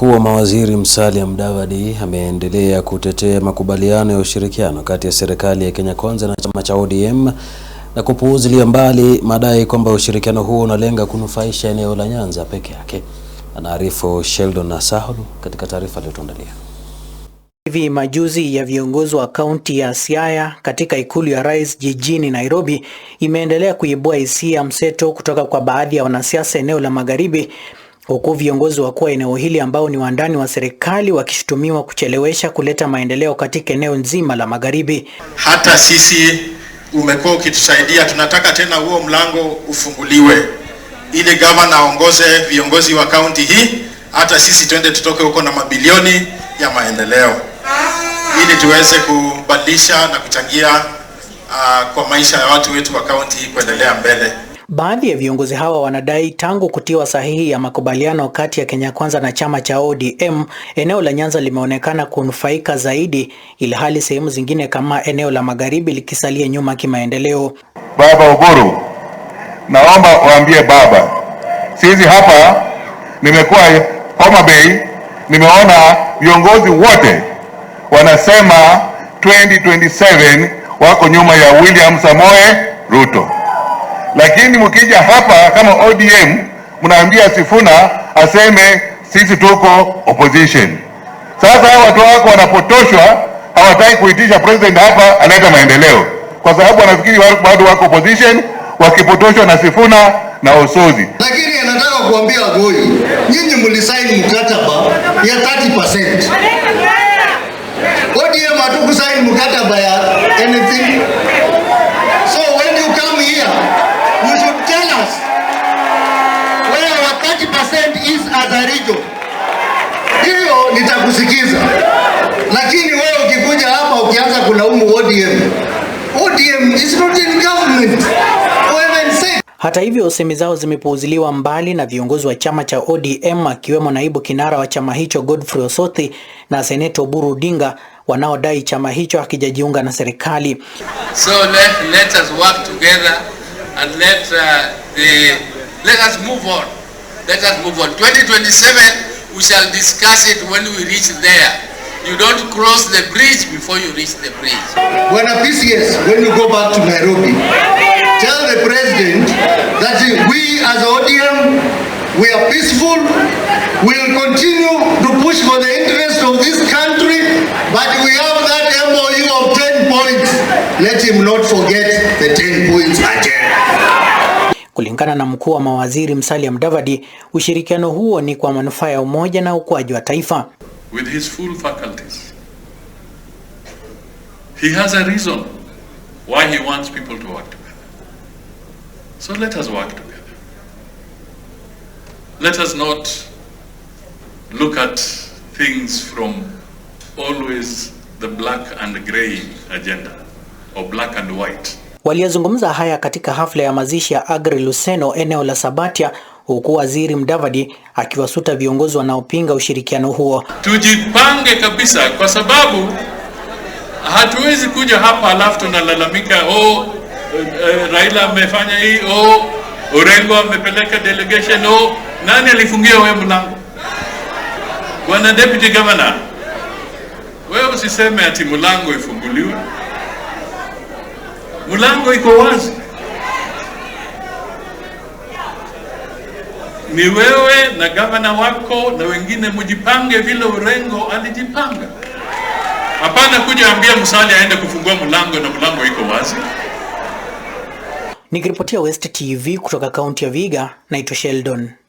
Mkuu wa mawaziri Musalia Mudavadi ameendelea kutetea makubaliano ya ushirikiano kati ya serikali ya Kenya Kwanza na chama cha ODM na kupuuzilia mbali madai kwamba ushirikiano huo unalenga kunufaisha eneo la Nyanza peke yake. Anaarifu Sheldon na Sahulu katika taarifa aliyotuandalia. Hivi majuzi ya viongozi wa kaunti ya Siaya katika ikulu ya rais jijini Nairobi imeendelea kuibua hisia mseto kutoka kwa baadhi ya wanasiasa eneo la magharibi huku viongozi wakuu wa eneo hili ambao ni wandani wa serikali wakishutumiwa kuchelewesha kuleta maendeleo katika eneo nzima la magharibi. Hata sisi umekuwa ukitusaidia, tunataka tena huo mlango ufunguliwe ili gavana aongoze viongozi wa kaunti hii, hata sisi twende tutoke huko na mabilioni ya maendeleo ili tuweze kubadilisha na kuchangia uh, kwa maisha ya watu wetu wa kaunti hii kuendelea mbele. Baadhi ya viongozi hawa wanadai tangu kutiwa sahihi ya makubaliano kati ya Kenya Kwanza na chama cha ODM, eneo la Nyanza limeonekana kunufaika zaidi, ilhali sehemu zingine kama eneo la Magharibi likisalia nyuma kimaendeleo. Baba Uhuru, naomba waambie baba, sisi hapa, nimekuwa Homa Bay, nimeona viongozi wote wanasema 2027 wako nyuma ya William Samoe Ruto lakini mkija hapa kama ODM mnaambia Sifuna aseme sisi tuko opposition. Sasa watu wako wanapotoshwa, hawataki kuitisha president hapa analeta maendeleo, kwa sababu wanafikiri bado wako opposition, wakipotoshwa na Sifuna na Osozi. Lakini anataka kuambia Wagoyi, nyinyi mlisaini mkataba ya 30%. ODM hatukusaini mkataba ya anything Karicho, hiyo nitakusikiza, lakini wewe ukikuja hapa ukianza kulaumu ODM, ODM is not in government. Hata hivyo semi zao zimepuuziliwa mbali na viongozi wa chama cha ODM akiwemo naibu kinara wa chama hicho Godfrey Osothi na Seneta Oburu Odinga wanaodai chama hicho hakijajiunga na serikali. So let, let us work together and let, uh, the, let us move on. Let us move on. 2027, we shall discuss it when we reach there. You don't cross the bridge before you reach the bridge. When a PCS, when you go back to Nairobi, tell the president that we as ODM, we are peaceful, we will continue Kulingana na mkuu wa mawaziri Musalia Mudavadi, ushirikiano huo ni kwa manufaa ya umoja na ukuaji wa taifa. With his full faculties, he has a reason why he wants people to work together. So let us work together. Let us not look at things from always the black and agenda or black and white. Waliyazungumza haya katika hafla ya mazishi ya agri Luseno eneo la Sabatia, huku Waziri mdavadi akiwasuta viongozi wanaopinga ushirikiano huo. Tujipange kabisa, kwa sababu hatuwezi kuja hapa alafu tunalalamika oh, eh, eh, Raila amefanya hii oh, Orengo amepeleka delegation oh, nani alifungia wewe mlango? Bwana Deputy Governor, wewe usiseme ati mlango ifunguliwe mlango iko wazi. Ni wewe na gavana wako na wengine, mjipange vile urengo alijipanga. Hapana kuja ambia msali aende kufungua mlango na mlango iko wazi. Nikiripotia West TV kutoka kaunti ya Viga, naitwa Sheldon.